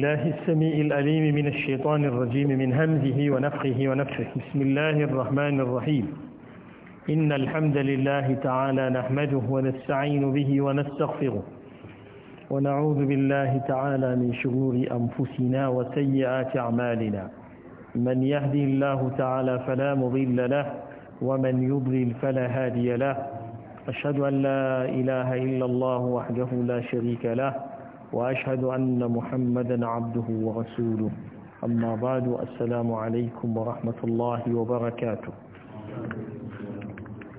الله السميع الأليم من الشيطان الرجيم من همزه ونفخه ونفخه بسم الله الرحمن الرحيم إن الحمد لله تعالى نحمده ونستعين به ونستغفره ونعوذ بالله تعالى من شرور أنفسنا وسيئات أعمالنا من يهدي الله تعالى فلا مضل له ومن يضلل فلا هادي له أشهد أن لا إله إلا الله وحده لا شريك له وأشهد أن محمدا عبده ورسوله أما بعد السلام عليكم ورحمة الله وبركاته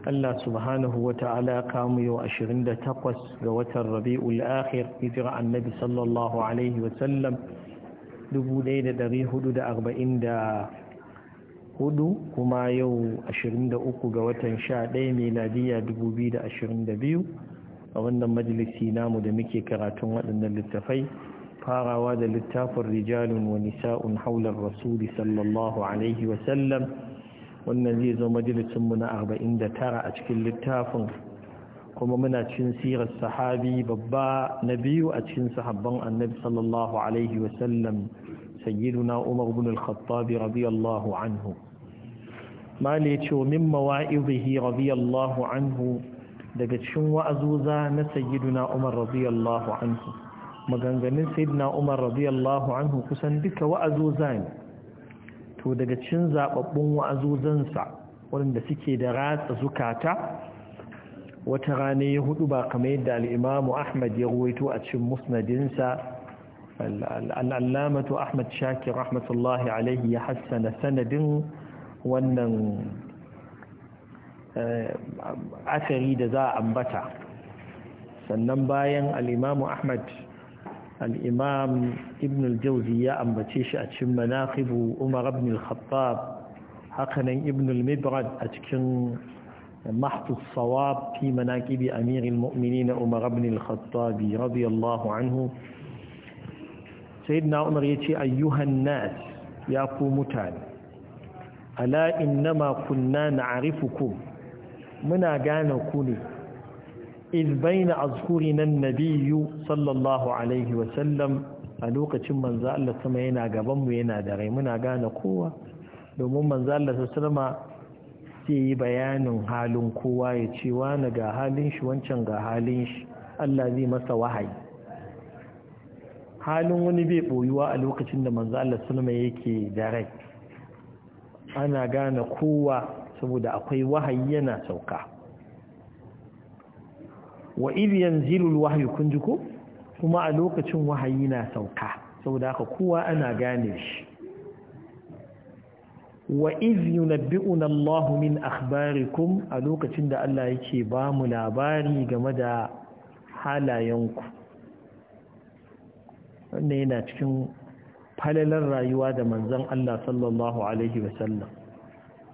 Allah subhanahu wa ta'ala kamu yau ashirin da takwas ga watan rabi'ul akhir hijira annabi sallallahu alaihi wasallam 1444 kuma yau ashirin da uku ga watan sha ɗaya meladiya 2022 a wannan majalisi namu da muke karatun waɗannan littafai farawa da littafin rijalun wa nisa'un haular rasuli sallallahu alaihi wasallam wannan zai zo mu na 49 a cikin littafin kuma muna cikin sirar sahabi babba na biyu a cikin sahabban annabi sallallahu alaihi wasallam sayyiduna umar bin al-khattab radiyallahu anhu ma ne ce min mawa'izihi radiyallahu anhu daga cikin wa'azuza na sayyiduna umar radiyallahu anhu maganganun sayyiduna umar radiyallahu anhu kusan duka wa'azuza ne to daga cikin zababbun wa'azuzansa waɗanda suke da ratsa zukata wata rana ya hudu ba kamar yadda imamu ahmad ya ruwaito a cikin musnadinsa al-alamatu ahmad shakir rahmatullahi alaihi ya hassana sanadin wannan Eh, asari da za a ambata sannan bayan al’imamu ahmad al’imam ibn al ya ambace shi a cin manakibu umar ibn al hakanan ibn al a cikin mahtus sawab fi manakibi amirin mu'mini na umar ibn al-khattabi radiyallahu anhu sayidina umar ya ce ayyuhan nas ya ku mutane ala inna ma kunna na'rifukum muna gane ku ne izbaina a nan na biyu sallallahu alaihi sallam, a lokacin manzo Allah sama yana mu yana da rai muna gane kowa domin manzo Allah sallama sai yi bayanin halin kowa ya ce wani ga halin shi wancan ga halin shi Allah zai masa wahayi halin wani bai boyuwa a lokacin da manzo Allah sallama yake da rai ana gane kowa saboda akwai wahayi yana sauka wa iliyan zilul wahayi kun ji ko kuma a lokacin wahayi na sauka saboda haka kowa ana gane shi wa iz yunabbi'una Allah min akhbarikum a lokacin da Allah yake ba mu labari game da halayenku wannan yana cikin falalar rayuwa da manzon Allah sallallahu alaihi wasallam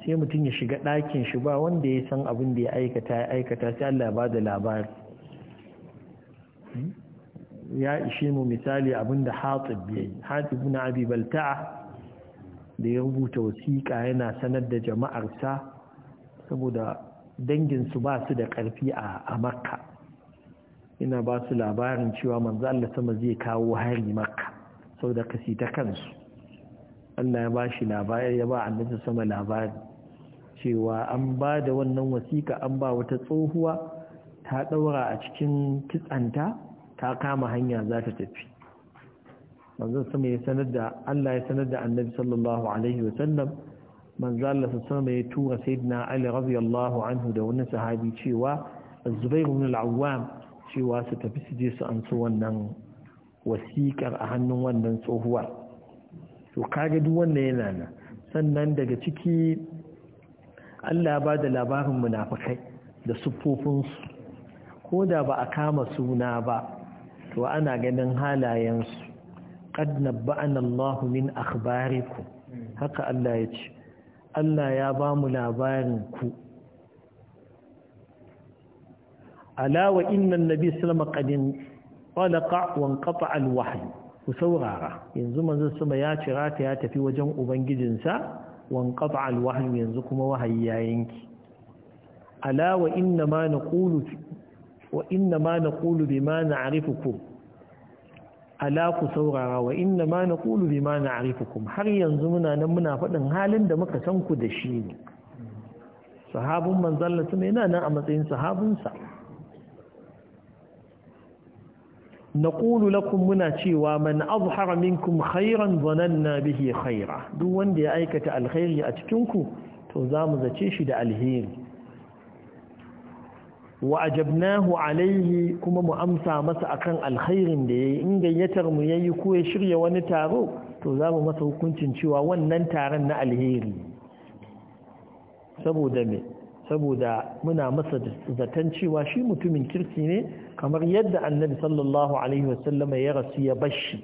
sai mutum ya shiga ɗakin shi ba wanda ya san abin da ya aikata ya aikata sai Allah ba da labari ya ishe mu misali abin da hatib ya yi hatib na abi da ya rubuta wasiƙa yana sanar da jama'arsa saboda danginsu ba su da ƙarfi a makka ina ba su labarin cewa manzo Allah sama zai kawo hari makka saboda kasi ta kansu Allah ya ba shi labari ya ba annabi sama labari cewa an ba da wannan wasiƙa an ba wata tsohuwa ta ɗaura a cikin kitsanta ta kama hanya za ta tafi manzon sama ya sanar da Allah ya sanar da annabi sallallahu alaihi wa sallam manzo Allah sama ya tura sayyidina Ali radiyallahu anhu da wani sahabi cewa Zubair ibn al-Awwam cewa su tafi su je su amsa wannan wasiƙar a hannun wannan tsohuwar to ga duk wannan yana nan sannan daga ciki Allah ba da labarin munafikai da siffofinsu ko da ba a kama suna ba to ana ganin halayensu qad nabba'ana Allah min akhbarikum haka Allah ya ce Allah ya ba mu labarin ku alawa inna alaihi wasallam qad talaqa wa inqata'a al-wahyu ku saurara yanzu manzon sama ya cira ta ya tafi wajen ubangijinsa wan qata al wahyi yanzu kuma wahayi ya yanki ala wa inna ma naqulu wa inna ma naqulu bima na'rifukum ala ku saurara wa inna ma naqulu bima na'rifukum har yanzu muna nan muna faɗin halin da muka san ku da shi ne sahabun manzon Allah yana nan a matsayin sahabunsa نقول لكم منا شيوا من أظهر منكم خيرا ظننا به خيرا دو وندي أيكة الخير أتكنكو تزام زتشيش دا الهير وأجبناه عليه كما مؤمسى مسا أكن الخير دي إن جيتر مييكو يشري ونتارو تزام مسا كنت شيوا ونن تارن الهير سبو دمي saboda muna masa zaton cewa shi mutumin kirki ne kamar yadda annabi sallallahu alaihi wasallama ya rasu ya bashi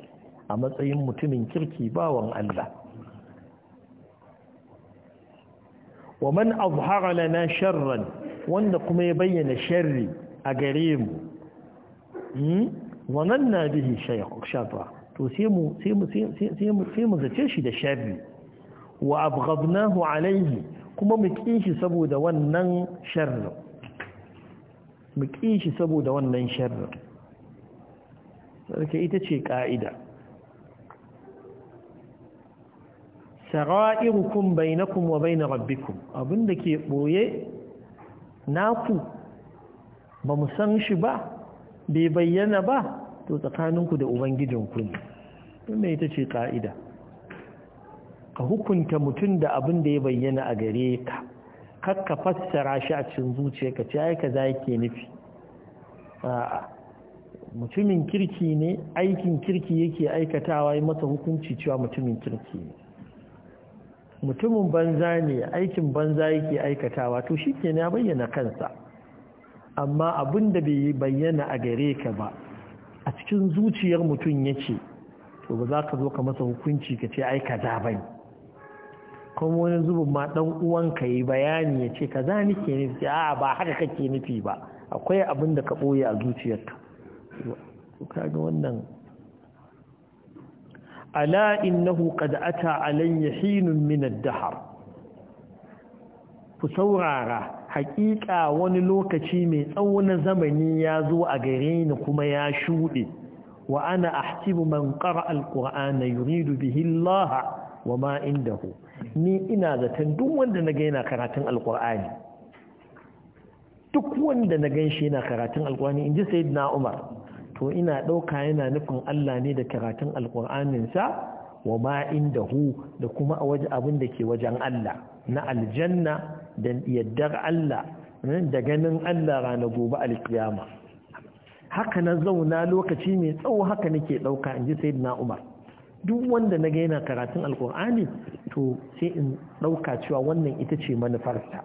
a matsayin mutumin kirki bawan Allah wa man azhara lana sharran wanda kuma ya bayyana sharri a gare mu hmm, wannan na bihi shafa to sai mu zace shi da sharri wa abghadnahu alaihi kuma mu ƙi shi saboda wannan sharri mu ƙi shi saboda wannan sharri sarki ita ce ƙa'ida sara'irukum bainakum wa bain rabbikum abinda ke boye naku ba mu san shi ba bai bayyana ba to tsakaninku da ubangijinku ne wannan ita ce ka'ida. ka hukunta mutum da abin da ya bayyana a gare ka kakka fassara shi a cikin zuciya ka ce aika za yake nufi mutumin kirki ne aikin kirki yake aikatawa yi masa hukunci cewa mutumin kirki ne mutumin banza ne aikin banza yake aikatawa to shi ke ya bayyana kansa amma abin da bai bayyana a gare ka ba a cikin zuciyar mutum yake to ba za ka zo ka masa hukunci ka ce ai kaza bane kuma wani zubin ma dan uwanka yi bayani ya ce kaza nake nufi A, ba haka kake nufi ba akwai abin da ka boye a zuciyarka kaga wannan ala innahu qad ata alayya hinun min ad-dahr ku saurara hakika wani lokaci mai tsawo na zamani ya zo a gare ni kuma ya shuɗe wa ana ahtibu man qara al-qur'ana yuridu bihi Allah wa ma indahu ni ina zaton duk wanda na ga yana karatun alkur'ani duk wanda na gan shi yana karatun ji inji na umar to ina ɗauka yana nufin Allah ne da karatun alkur'aninsa sa wa ma indahu da kuma a waje abin da ke wajen Allah na aljanna da yaddar Allah da ganin Allah rana gobe alkiyama haka na zauna lokaci mai tsawo haka nake dauka inji sayyidina umar duk wanda na ga yana karatun alkur'ani to sai in ɗauka cewa wannan ita ce manufarsa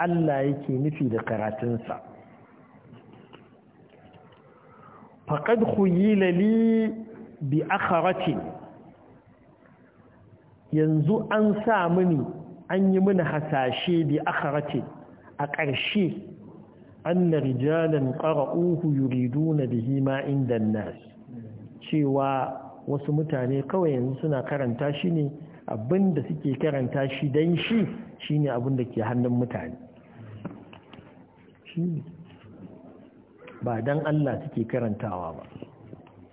Allah yake nufi da karatunsa faƙad khuyila li bi akharati yanzu an sa mini an yi mini hasashe bi akharati a ƙarshe anna rijalan qara'uhu yuridu na ma inda nas cewa wasu mutane kawai yanzu suna karanta shi ne abin da suke karanta shi don shi shi ne abin da ke hannun mutane ba don Allah suke karantawa ba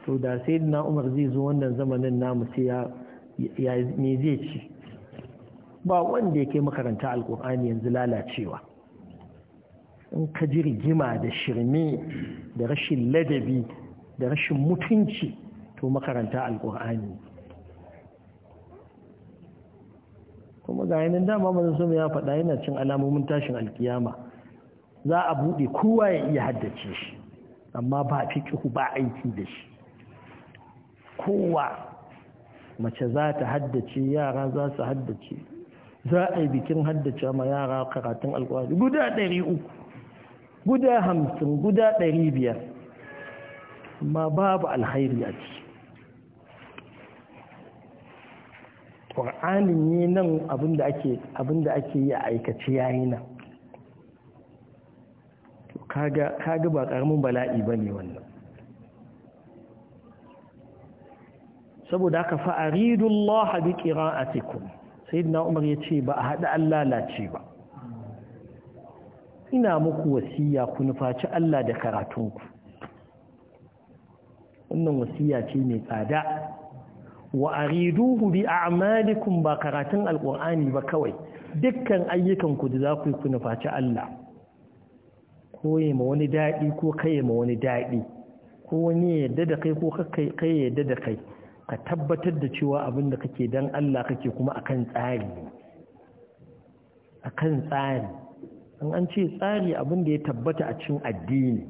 to da sai na umar zai zo wannan zamanin namu sai ya me zai ci ba wanda ya kai makaranta alkur'ani yanzu lalacewa in ka ji rigima da shirme da rashin ladabi da rashin mutunci to makaranta alƙur'ani kuma ga yanin dama mazan sama ya faɗa yana cin alamomin tashin alkiyama za a buɗe kowa ya iya haddace shi amma ba a fiƙihu ba aiki da shi kowa mace za ta haddace yara za su haddace za a yi bikin haddace ma yara karatun alƙur'ani guda ɗari uku guda hamsin guda ɗari biyar amma babu alhairi a ciki ƙur'anin ne nan abinda ake ake yi a aikace yayi nan kaga kaga ba karamin bala'i bane wannan saboda aka haka fa'aridullaha bi qira'atikum sayyidina umar ce ba a hada Allah lace ba ina muku wasiya ku nufaci Allah da karatunku wannan wasiya ce mai tsada wa ariduhu bi a'malikum ba karatun alqur'ani ba kawai dukkan ayyukan ku da za ku yi ku Allah ko yi ma wani daɗi ko kai ma wani daɗi ko wani yadda da kai ko kai yadda da kai ka tabbatar da cewa abin da kake dan Allah kake kuma akan tsari akan tsari an an ce tsari abin da ya tabbata a cikin addini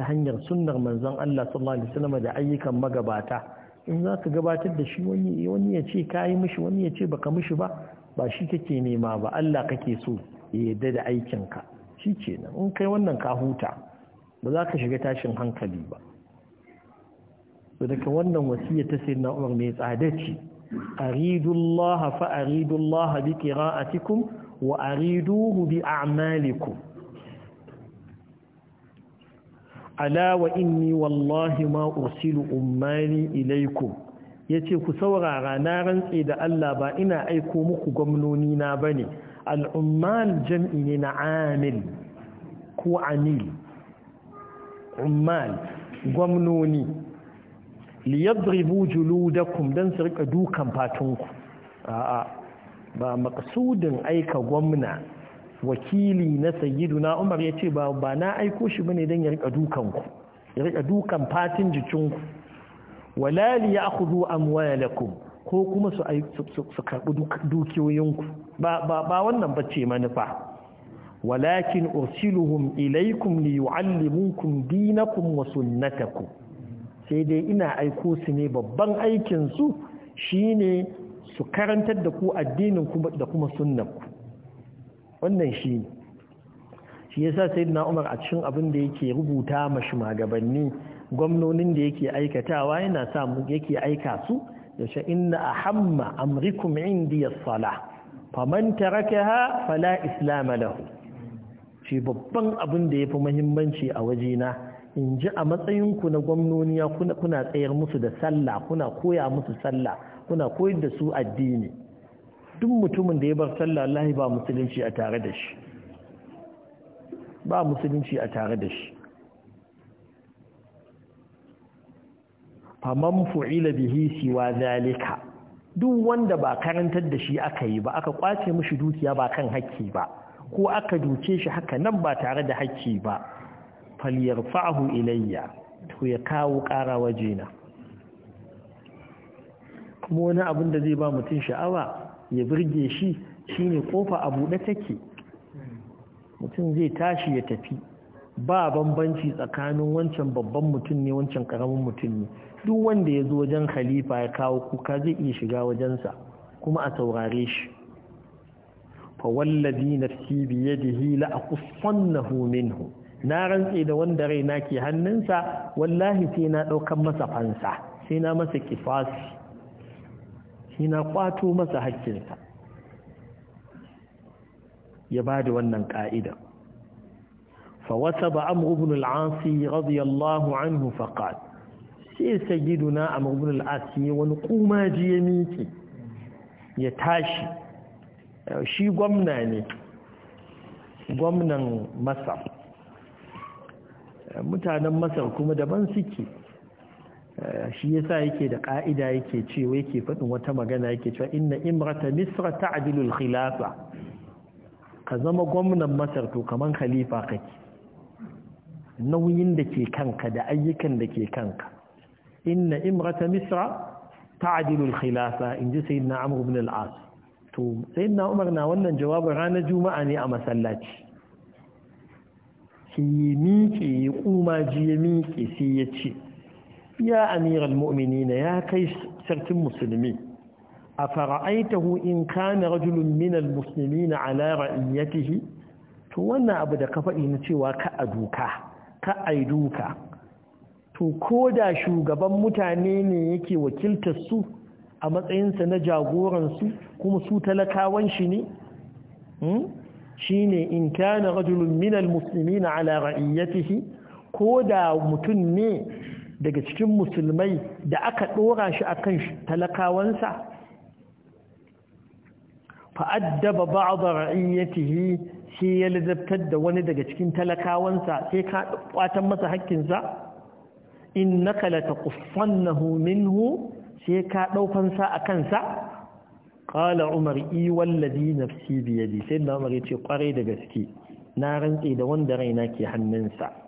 ta hanyar sunnar manzon Allah sallallahu alaihi wasallam da ayyukan magabata in za ka gabatar da shi wani ya ce ka yi mishi wani ya ce baka mishi ba ba shi kake nema ba Allah kake so ya yarda da aikinka shi ce nan in kai wannan ka huta ba za ka shiga tashin hankali ba so daga wannan wasiya ta na Umar mai tsada ce aridullah fa aridullaha bi qira'atikum wa ariduhu bi a'malikum ala wa inni wallahi ma ursilu ummani ilaikum yace ku saurara na rantse da Allah ba ina aiko muku gwamnoni na bane al'ummal jam'i ne na amil ko anil ummal gwamnoni yadribu juludakum dan su rika dukan fatunku a'a ba maqsudin aika gwamna wakili na sayyiduna umar ya ce ba na aiko shi bane don ya rika dukanku ya rika dukan fatin jikinku walali ya akhudhu amwalakum ko kuma su karɓi karbi dukiyoyinku ba wannan ba ce bace manufa walakin ursiluhum ilaykum liyuallimukum dinakum wa sunnatakum sai dai ina aiko su ne babban aikin su shine su karantar da ku addinin da kuma sunnanku wannan shi ne shi yasa sai Umar a cikin abin da yake rubuta ma shugabanni gwamnonin da yake aikatawa yana sa yake aika su ya ce inna ahamma amrikum indi sala salah faman ha fala islam lahu shi babban abin da ya fi mahimmanci a wajena in ji a matsayinku na gwamnoniya kuna tsayar musu da sallah kuna koya musu sallah kuna koyar da su addini duk mutumin da ya bar sallah Allah ba musulunci a tare da shi ba musulunci a tare da shi faman fu'ila bihi siwa zalika duk wanda ba karantar da shi aka yi ba aka kwace mishi dukiya ba kan hakki ba ko aka duke shi haka nan ba tare da hakki ba falyarfa'hu ilayya to ya kawo ƙara wajena kuma wani abin da zai ba mutum sha'awa ya birge shi shine kofa a buɗe take mutum zai tashi ya tafi ba bambanci tsakanin wancan babban mutum ne wancan karamin mutum ne duk wanda ya zo wajen khalifa ya kawo kuka zai iya shiga wajensa kuma a saurare shi fa wallazi nafsi bi yadihi la aqfannahu minhu na rantse da wanda raina ke hannunsa wallahi sai na daukan masa fansa sai na masa kifasi shi na kwato masa haƙƙinsa ya ba da wannan ƙa'ida فوثب عمرو بن العاص رضي الله عنه فقال sai sayyiduna a magunin al'asi wani kuma ya miki ya tashi shi gwamna ne gwamnan masar mutanen masar kuma daban suke shi yasa yake da ka'ida yake cewa yake faɗin wata magana yake cewa inna imrata misra al khilafa ka zama gwamnan masar to kaman khalifa kake nauyin da ke kanka da ayyukan da ke kanka inna imrata misra al khilafa in ji sayyidina amr ibn al-as to sayyidina umar na wannan jawabin ranar juma'a ne a masallaci sai miƙe ya kuma ji ya miƙe sai ya ce يا أمير المؤمنين يا كيس سرت المسلمين أفرأيته إن كان رجل من المسلمين على رأيته تونا أبدا كفئي نتوى كأدوكا كأيدوكا to ko da shugaban mutane ne yake wakiltar su a matsayinsa na jagoransu kuma su talakawan shi ne shi ne in kana rajulun minal muslimina ala ra'iyyatihi ko da mutum ne daga cikin musulmai da aka ɗora shi a kan talakawansa fa'addaba ba a ra'iyyatihi shi ya lizabtar da wani daga cikin talakawansa sai ka ɓatan masa haƙƙinsa in na kalata ƙufannahu minhu sai ka ɗaukansa a kansa ƙala umar i na fi biyadi sai na umar ya ce ƙwarai da gaske na rantse da wanda raina ke hannunsa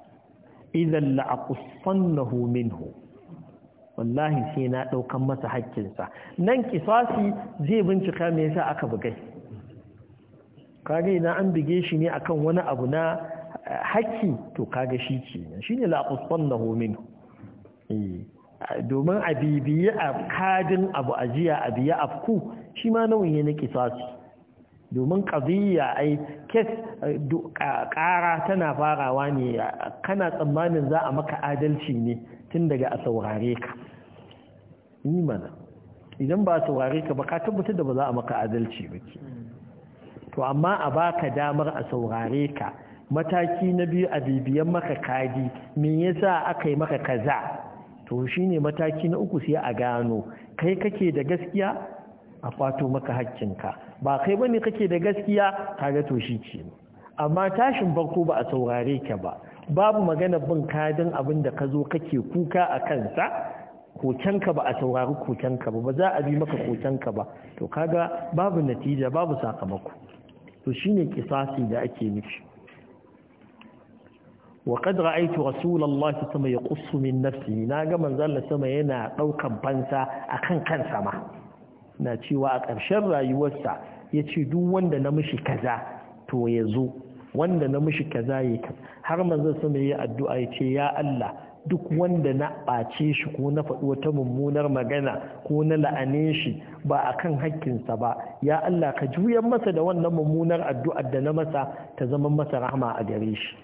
idan la'aqussannahu minhu wallahi sai na ɗaukan masa haƙƙinsa nan kisasi zai bincika me yasa aka bugai kage idan an bige shi ne akan wani abu na eh, haƙƙi to kage shi ce shine nahu minhu eh, domin a bibiyi a kadin abu ajiya a biya afku shi ma nauyi ne na kisasi domin ƙaziyya ai kes eh, ƙara tana farawa ne kana tsammanin za a maka adalci ne tun daga a saurare ka yi mana idan ba a saurare ka ba ka tabbatar da ba za a maka adalci ba ke to amma a baka damar a saurare ka mataki na biyu a bibiyan maka kadi me yasa aka yi maka kaza to shine mataki na uku sai a gano kai kake da gaskiya a kwato maka haƙƙinka ba kai ba bane kake da gaskiya kaga to shi ce amma tashin farko ba a saurare ka ba babu magana bin kadin abin da ka zo kake kuka a kansa kokenka ba a saurari kokenka ba ba za a bi maka kokenka ba to kaga babu natija babu sakamako to shine kisasi da ake nufi wa رأيت ra'aytu rasulallahi sama yaqussu min nafsihi naga manzon sama yana daukan fansa akan kansa ma na cewa a ƙarshen rayuwarsa ya ce duk wanda na mishi kaza to ya zo wanda na mishi kaza ya kan har manzon sama ya addu'a ya ce ya Allah duk wanda na ɓace shi ko na faɗi wata mummunar magana ko na la'ane shi ba a kan hakkinsa ba ya Allah ka juyan masa da wannan mummunar addu'ar da na masa ta zama masa rahama a gare shi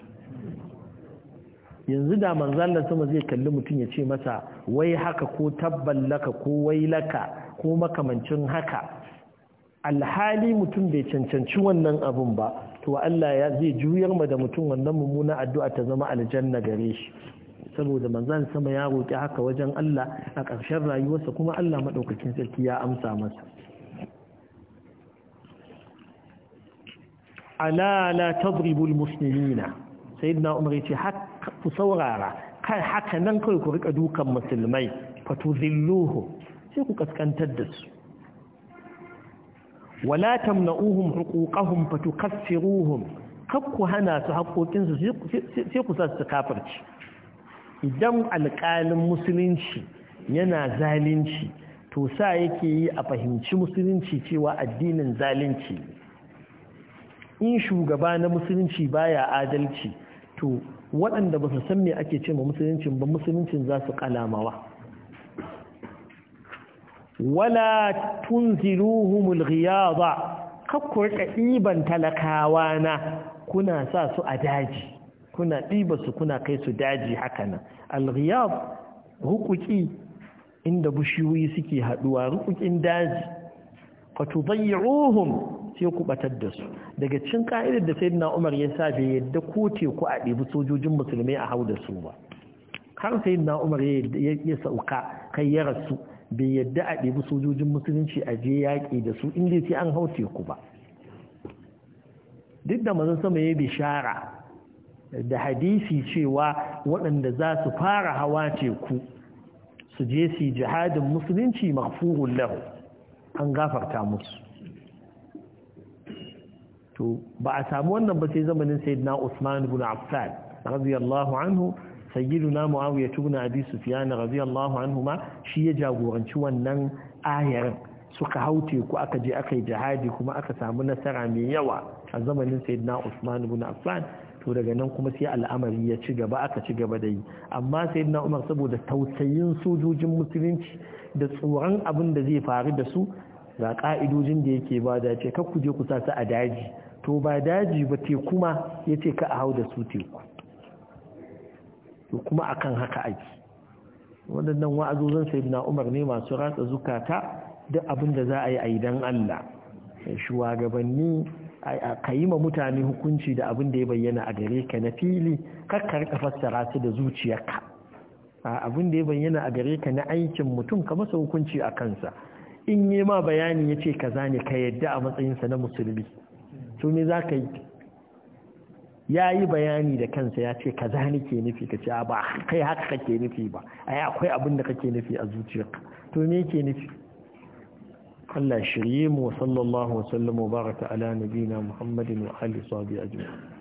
yanzu da manzan sama zai kalli mutum ya ce masa wai haka ko laka ko wai laka ko makamancin haka alhali mutum bai cancanci wannan abun ba to Allah ya zai juyar ma da mutum wannan mummuna addu'a ta zama aljanna gare shi saboda manzan sama ya roƙi haka wajen Allah a ƙarshen rayuwarsa kuma Allah maɗaukakin sarki ya amsa masa ala la tadribul muslimina sayyidina umar yace ku saurara kan haka nan kai ku rika dukan musulmai zilluhu sai ku kaskantar da su wala tamna'uhum huquqahum fatukassiruhum kar ku hana su su sai ku sa su kafirci idan alƙalin musulunci yana zalunci to sa yake yi a fahimci musulunci cewa addinin zalunci in shugaba na musulunci baya adalci to waɗanda ba su san me ake ce ma musuluncin ba musuluncin za su kalamawa wala tunziluhumul ghiyaba kakku ɗiban talakawa na kuna sa su a daji kuna ɗiba su kuna kai su daji haka nan alghiyab rukuki inda bishiyoyi suke haɗuwa rukukin daji ka tudayyuhum sai ku batar da su daga cikin ka'idar da sayyidina Umar ya sa bai yadda ko teku a ɗebi sojojin musulmai a hau da su ba har sayyidina Umar ya sauka kai ya rasu bai yadda a ɗebi sojojin musulunci a je yaƙi da su inda sai an hau teku ba duk da mazan sama ya bishara da hadisi cewa waɗanda za su fara hawa teku su je su yi jihadin musulunci mafurun lahu an gafarta musu to ba a samu wannan ba sai zamanin sayyidina Usman ibn Affan radiyallahu anhu sayyiduna Muawiya ibn Abi Sufyan radiyallahu anhuma shi ya jagoranci wannan ayar suka haute ku aka je aka yi jihadi kuma aka samu nasara mai yawa a zamanin sayyidina Usman ibn Affan to daga nan kuma sai al'amari ya ci gaba aka ci gaba da yi amma sayyidina Umar saboda tausayin sojojin musulunci da tsoron abin da zai faru da su ga ƙa’idojin da yake ba da ce kakku ku je ku sa su a daji to ba daji ba teku ma ya ce ka a hau da su teku to kuma akan haka aiki waɗannan wa'azozin sai na umar ne masu ratsa zukata duk abin da za a yi a idan Allah shugabanni ka yi ma mutane hukunci da abin da ya bayyana a gare ka na fili kakkar ka fassara su da zuciyarka abin da ya bayyana a gare ka na aikin mutum ka masa hukunci a kansa in yi ma bayani ya ce ka ne ka yadda a matsayinsa na musulmi to me za ka yi ya yi bayani da kansa ya ce ka zane ke nufi ka ce ba kai haka kake nufi ba ai akwai abin da kake nufi a zuciyarka to me ke nufi Allah shirye mu sallallahu wa sallam wa baraka ala nabina Muhammadin wa ajma'in